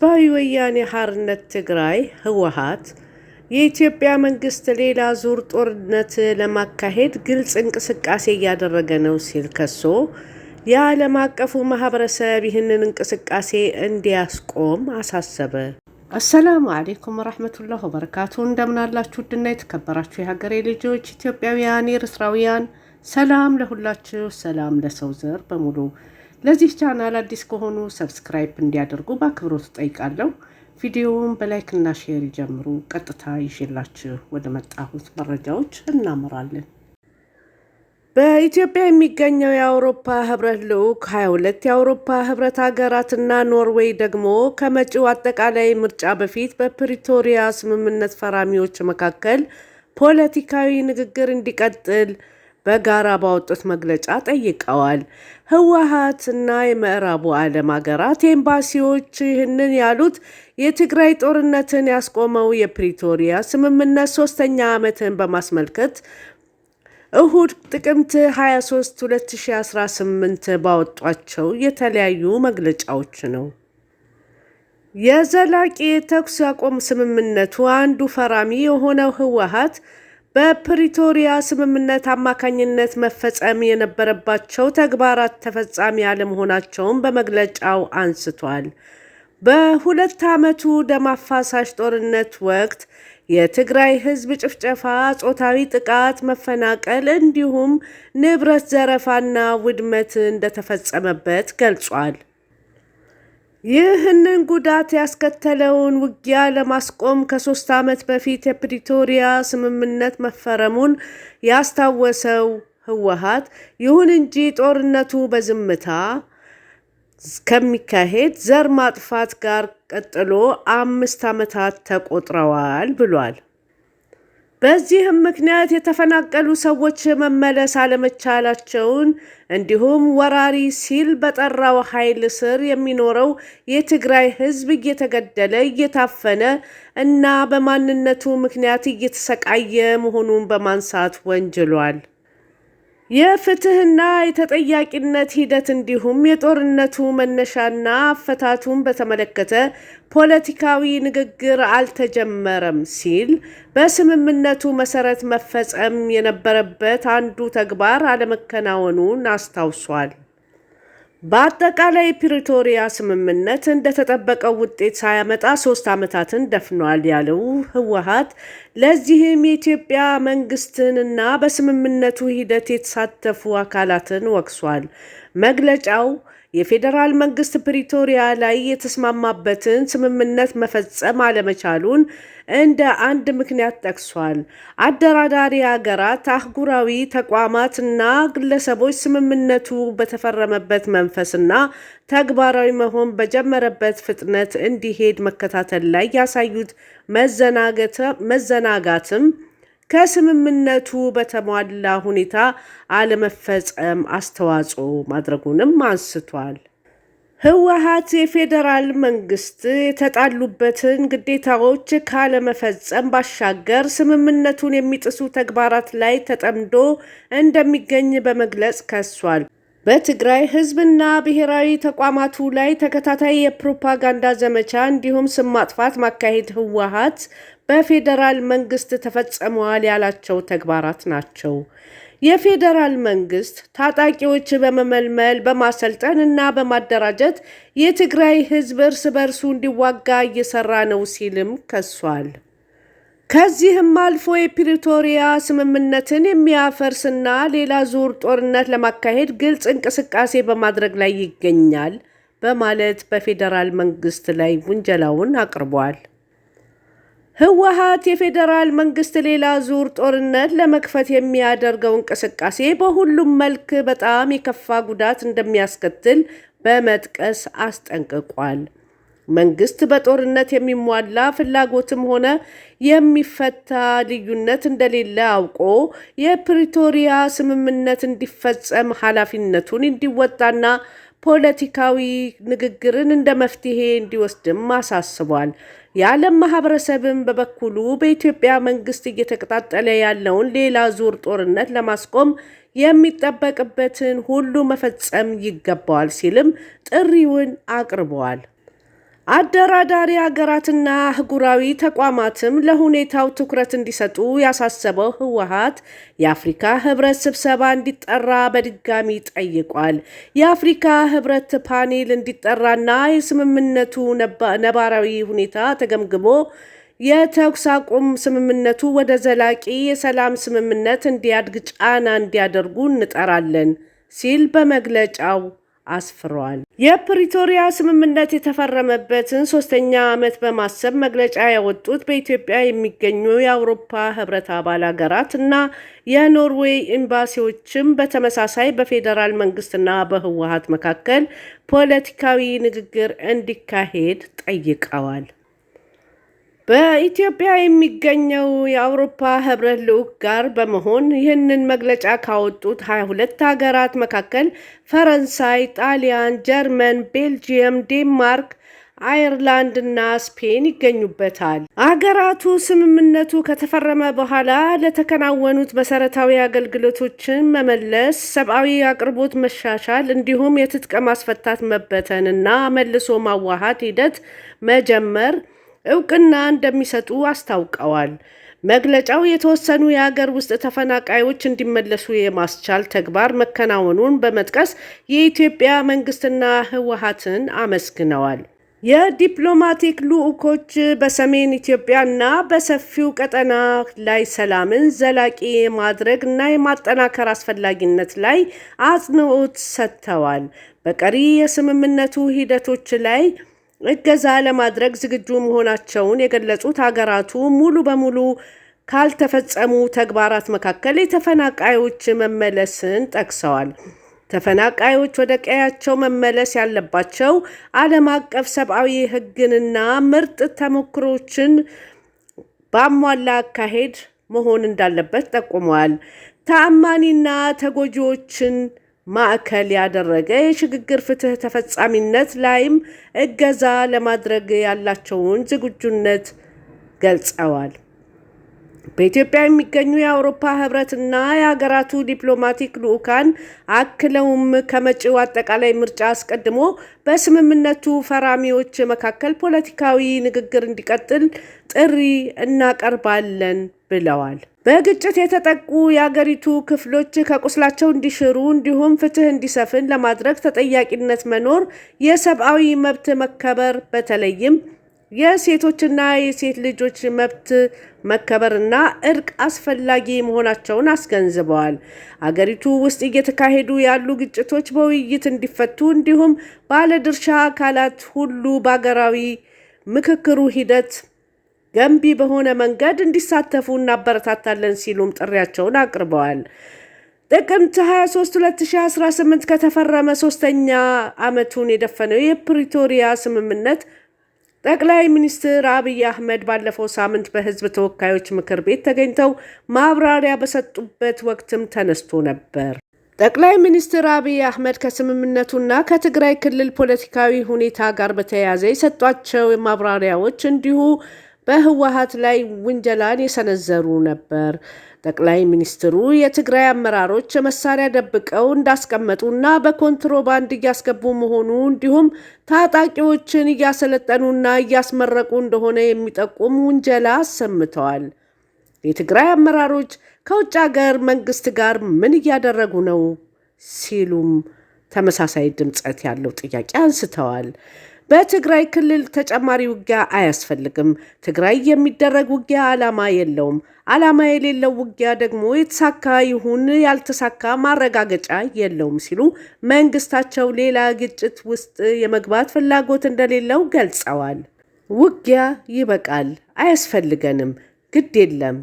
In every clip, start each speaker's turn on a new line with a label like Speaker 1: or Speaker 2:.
Speaker 1: ህዝባዊ ወያኔ ሓርነት ትግራይ ህወሓት የኢትዮጵያ መንግስት ሌላ ዙር ጦርነት ለማካሄድ ግልጽ እንቅስቃሴ እያደረገ ነው ሲል ከሶ የዓለም አቀፉ ማህበረሰብ ይህንን እንቅስቃሴ እንዲያስቆም አሳሰበ።
Speaker 2: አሰላሙ አሌይኩም ወረሕመቱላህ ወበረካቱ። እንደምናላችሁ ውድና የተከበራችሁ የሀገሬ ልጆች ኢትዮጵያውያን፣ ኤርትራውያን፣ ሰላም ለሁላችሁ፣ ሰላም ለሰው ዘር በሙሉ ለዚህ ቻናል አዲስ ከሆኑ ሰብስክራይብ እንዲያደርጉ በአክብሮት ጠይቃለሁ። ቪዲዮውን እና ሼር ይጀምሩ። ቀጥታ ይዤላችሁ ወደ መጣሁት መረጃዎች እናመራለን። በኢትዮጵያ የሚገኘው የአውሮፓ ህብረት ልዑክ 22 የአውሮፓ ህብረት ሀገራትና ኖርዌይ ደግሞ ከመጪው አጠቃላይ ምርጫ በፊት በፕሪቶሪያ ስምምነት ፈራሚዎች መካከል ፖለቲካዊ ንግግር እንዲቀጥል በጋራ ባወጡት መግለጫ ጠይቀዋል። እና የምዕራቡ ዓለም ሀገራት ኤምባሲዎች ይህንን ያሉት የትግራይ ጦርነትን ያስቆመው የፕሪቶሪያ ስምምነት ሶስተኛ ዓመትን በማስመልከት እሁድ ጥቅምት 23 2018 ባወጧቸው የተለያዩ መግለጫዎች ነው። የዘላቂ የተኩስ አቁም ስምምነቱ አንዱ ፈራሚ የሆነው ህወሀት በፕሪቶሪያ ስምምነት አማካኝነት መፈጸም የነበረባቸው ተግባራት ተፈጻሚ አለመሆናቸውን በመግለጫው አንስቷል። በሁለት ዓመቱ ደም አፋሳሽ ጦርነት ወቅት የትግራይ ሕዝብ ጭፍጨፋ፣ ጾታዊ ጥቃት፣ መፈናቀል እንዲሁም ንብረት ዘረፋና ውድመት እንደተፈጸመበት ገልጿል። ይህንን ጉዳት ያስከተለውን ውጊያ ለማስቆም ከሶስት ዓመት በፊት የፕሪቶሪያ ስምምነት መፈረሙን ያስታወሰው ህወሓት፣ ይሁን እንጂ ጦርነቱ በዝምታ ከሚካሄድ ዘር ማጥፋት ጋር ቀጥሎ አምስት ዓመታት ተቆጥረዋል ብሏል። በዚህም ምክንያት የተፈናቀሉ ሰዎች መመለስ አለመቻላቸውን እንዲሁም ወራሪ ሲል በጠራው ኃይል ስር የሚኖረው የትግራይ ሕዝብ እየተገደለ እየታፈነ እና በማንነቱ ምክንያት እየተሰቃየ መሆኑን በማንሳት ወንጅሏል። የፍትህና የተጠያቂነት ሂደት እንዲሁም የጦርነቱ መነሻና አፈታቱን በተመለከተ ፖለቲካዊ ንግግር አልተጀመረም ሲል በስምምነቱ መሰረት መፈጸም የነበረበት አንዱ ተግባር አለመከናወኑን አስታውሷል። በአጠቃላይ ፕሪቶሪያ ስምምነት እንደተጠበቀው ውጤት ሳያመጣ ሶስት ዓመታትን ደፍኗል ያለው ህወሓት ለዚህም የኢትዮጵያ መንግስትንና በስምምነቱ ሂደት የተሳተፉ አካላትን ወቅሷል። መግለጫው የፌዴራል መንግስት ፕሪቶሪያ ላይ የተስማማበትን ስምምነት መፈጸም አለመቻሉን እንደ አንድ ምክንያት ጠቅሷል። አደራዳሪ ሀገራት፣ አህጉራዊ ተቋማት እና ግለሰቦች ስምምነቱ በተፈረመበት መንፈስና ተግባራዊ መሆን በጀመረበት ፍጥነት እንዲሄድ መከታተል ላይ ያሳዩት መዘናጋትም ከስምምነቱ በተሟላ ሁኔታ አለመፈጸም አስተዋጽኦ ማድረጉንም አንስቷል። ህወሀት የፌዴራል መንግስት የተጣሉበትን ግዴታዎች ካለመፈጸም ባሻገር ስምምነቱን የሚጥሱ ተግባራት ላይ ተጠምዶ እንደሚገኝ በመግለጽ ከሷል። በትግራይ ህዝብና ብሔራዊ ተቋማቱ ላይ ተከታታይ የፕሮፓጋንዳ ዘመቻ እንዲሁም ስም ማጥፋት ማካሄድ ህወሓት በፌዴራል መንግስት ተፈጽመዋል ያላቸው ተግባራት ናቸው። የፌዴራል መንግስት ታጣቂዎች በመመልመል በማሰልጠን እና በማደራጀት የትግራይ ህዝብ እርስ በርሱ እንዲዋጋ እየሰራ ነው ሲልም ከሷል። ከዚህም አልፎ የፕሪቶሪያ ስምምነትን የሚያፈርስና ሌላ ዙር ጦርነት ለማካሄድ ግልጽ እንቅስቃሴ በማድረግ ላይ ይገኛል በማለት በፌዴራል መንግስት ላይ ውንጀላውን አቅርቧል። ህወሓት የፌዴራል መንግስት ሌላ ዙር ጦርነት ለመክፈት የሚያደርገው እንቅስቃሴ በሁሉም መልክ በጣም የከፋ ጉዳት እንደሚያስከትል በመጥቀስ አስጠንቅቋል። መንግስት በጦርነት የሚሟላ ፍላጎትም ሆነ የሚፈታ ልዩነት እንደሌለ አውቆ የፕሪቶሪያ ስምምነት እንዲፈጸም ኃላፊነቱን እንዲወጣና ፖለቲካዊ ንግግርን እንደ መፍትሄ እንዲወስድም አሳስቧል። የዓለም ማህበረሰብም በበኩሉ በኢትዮጵያ መንግስት እየተቀጣጠለ ያለውን ሌላ ዙር ጦርነት ለማስቆም የሚጠበቅበትን ሁሉ መፈጸም ይገባዋል ሲልም ጥሪውን አቅርበዋል። አደራዳሪ ሀገራትና አህጉራዊ ተቋማትም ለሁኔታው ትኩረት እንዲሰጡ ያሳሰበው ህወሓት የአፍሪካ ህብረት ስብሰባ እንዲጠራ በድጋሚ ጠይቋል። የአፍሪካ ህብረት ፓኔል እንዲጠራና የስምምነቱ ነባራዊ ሁኔታ ተገምግሞ የተኩስ አቁም ስምምነቱ ወደ ዘላቂ የሰላም ስምምነት እንዲያድግ ጫና እንዲያደርጉ እንጠራለን ሲል በመግለጫው አስፍሯል የፕሪቶሪያ ስምምነት የተፈረመበትን ሶስተኛ ዓመት በማሰብ መግለጫ ያወጡት በኢትዮጵያ የሚገኙ የአውሮፓ ህብረት አባል ሀገራት እና የኖርዌይ ኤምባሲዎችም በተመሳሳይ በፌዴራል መንግስትና በህወሀት መካከል ፖለቲካዊ ንግግር እንዲካሄድ ጠይቀዋል። በኢትዮጵያ የሚገኘው የአውሮፓ ህብረት ልዑክ ጋር በመሆን ይህንን መግለጫ ካወጡት 2ሁለት ሀገራት መካከል ፈረንሳይ፣ ጣሊያን፣ ጀርመን፣ ቤልጅየም፣ ዴንማርክ አየርላንድ እና ስፔን ይገኙበታል። አገራቱ ስምምነቱ ከተፈረመ በኋላ ለተከናወኑት መሰረታዊ አገልግሎቶችን መመለስ፣ ሰብአዊ አቅርቦት መሻሻል እንዲሁም የትጥቅ ማስፈታት መበተን እና መልሶ ማዋሃት ሂደት መጀመር እውቅና እንደሚሰጡ አስታውቀዋል። መግለጫው የተወሰኑ የሀገር ውስጥ ተፈናቃዮች እንዲመለሱ የማስቻል ተግባር መከናወኑን በመጥቀስ የኢትዮጵያ መንግስትና ህወሀትን አመስግነዋል። የዲፕሎማቲክ ልዑኮች በሰሜን እና በሰፊው ቀጠና ላይ ሰላምን ዘላቂ የማድረግ እና የማጠናከር አስፈላጊነት ላይ አጽንዖት ሰጥተዋል። በቀሪ የስምምነቱ ሂደቶች ላይ እገዛ ለማድረግ ዝግጁ መሆናቸውን የገለጹት ሀገራቱ ሙሉ በሙሉ ካልተፈጸሙ ተግባራት መካከል የተፈናቃዮች መመለስን ጠቅሰዋል። ተፈናቃዮች ወደ ቀያቸው መመለስ ያለባቸው ዓለም አቀፍ ሰብአዊ ሕግንና ምርጥ ተሞክሮችን በአሟላ አካሄድ መሆን እንዳለበት ጠቁመዋል። ተአማኒና ተጎጂዎችን ማዕከል ያደረገ የሽግግር ፍትህ ተፈጻሚነት ላይም እገዛ ለማድረግ ያላቸውን ዝግጁነት ገልጸዋል። በኢትዮጵያ የሚገኙ የአውሮፓ ህብረትና የሀገራቱ ዲፕሎማቲክ ልዑካን አክለውም ከመጪው አጠቃላይ ምርጫ አስቀድሞ በስምምነቱ ፈራሚዎች መካከል ፖለቲካዊ ንግግር እንዲቀጥል ጥሪ እናቀርባለን ብለዋል። በግጭት የተጠቁ የአገሪቱ ክፍሎች ከቁስላቸው እንዲሽሩ እንዲሁም ፍትህ እንዲሰፍን ለማድረግ ተጠያቂነት መኖር፣ የሰብአዊ መብት መከበር በተለይም የሴቶችና የሴት ልጆች መብት መከበርና እርቅ አስፈላጊ መሆናቸውን አስገንዝበዋል። አገሪቱ ውስጥ እየተካሄዱ ያሉ ግጭቶች በውይይት እንዲፈቱ እንዲሁም ባለድርሻ አካላት ሁሉ በአገራዊ ምክክሩ ሂደት ገንቢ በሆነ መንገድ እንዲሳተፉ እናበረታታለን ሲሉም ጥሪያቸውን አቅርበዋል። ጥቅምት 23 2018 ከተፈረመ ሶስተኛ ዓመቱን የደፈነው የፕሪቶሪያ ስምምነት ጠቅላይ ሚኒስትር አብይ አህመድ ባለፈው ሳምንት በህዝብ ተወካዮች ምክር ቤት ተገኝተው ማብራሪያ በሰጡበት ወቅትም ተነስቶ ነበር። ጠቅላይ ሚኒስትር አብይ አህመድ ከስምምነቱና ከትግራይ ክልል ፖለቲካዊ ሁኔታ ጋር በተያያዘ የሰጧቸው ማብራሪያዎች እንዲሁ በህወሀት ላይ ውንጀላን የሰነዘሩ ነበር። ጠቅላይ ሚኒስትሩ የትግራይ አመራሮች መሳሪያ ደብቀው እንዳስቀመጡና በኮንትሮባንድ እያስገቡ መሆኑ እንዲሁም ታጣቂዎችን እያሰለጠኑና እያስመረቁ እንደሆነ የሚጠቁም ውንጀላ አሰምተዋል። የትግራይ አመራሮች ከውጭ ሀገር መንግስት ጋር ምን እያደረጉ ነው? ሲሉም ተመሳሳይ ድምጸት ያለው ጥያቄ አንስተዋል። በትግራይ ክልል ተጨማሪ ውጊያ አያስፈልግም። ትግራይ የሚደረግ ውጊያ ዓላማ የለውም። ዓላማ የሌለው ውጊያ ደግሞ የተሳካ ይሁን ያልተሳካ ማረጋገጫ የለውም ሲሉ መንግስታቸው ሌላ ግጭት ውስጥ የመግባት ፍላጎት እንደሌለው ገልጸዋል። ውጊያ ይበቃል፣ አያስፈልገንም፣ ግድ የለም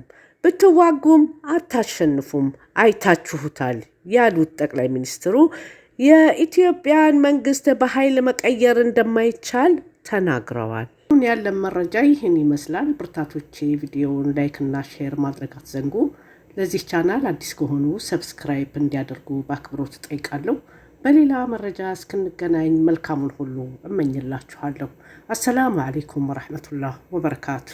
Speaker 2: ብትዋጉም አታሸንፉም፣ አይታችሁታል ያሉት ጠቅላይ ሚኒስትሩ የኢትዮጵያን መንግስት በኃይል መቀየር እንደማይቻል ተናግረዋል። አሁን ያለን መረጃ ይህን ይመስላል። ብርታቶቼ ቪዲዮውን ላይክና ሼር ማድረግ አትዘንጉ። ለዚህ ቻናል አዲስ ከሆኑ ሰብስክራይብ እንዲያደርጉ በአክብሮት እጠይቃለሁ። በሌላ መረጃ እስክንገናኝ መልካሙን ሁሉ እመኝላችኋለሁ። አሰላሙ አሌይኩም ወረሕመቱላህ ወበረካቱ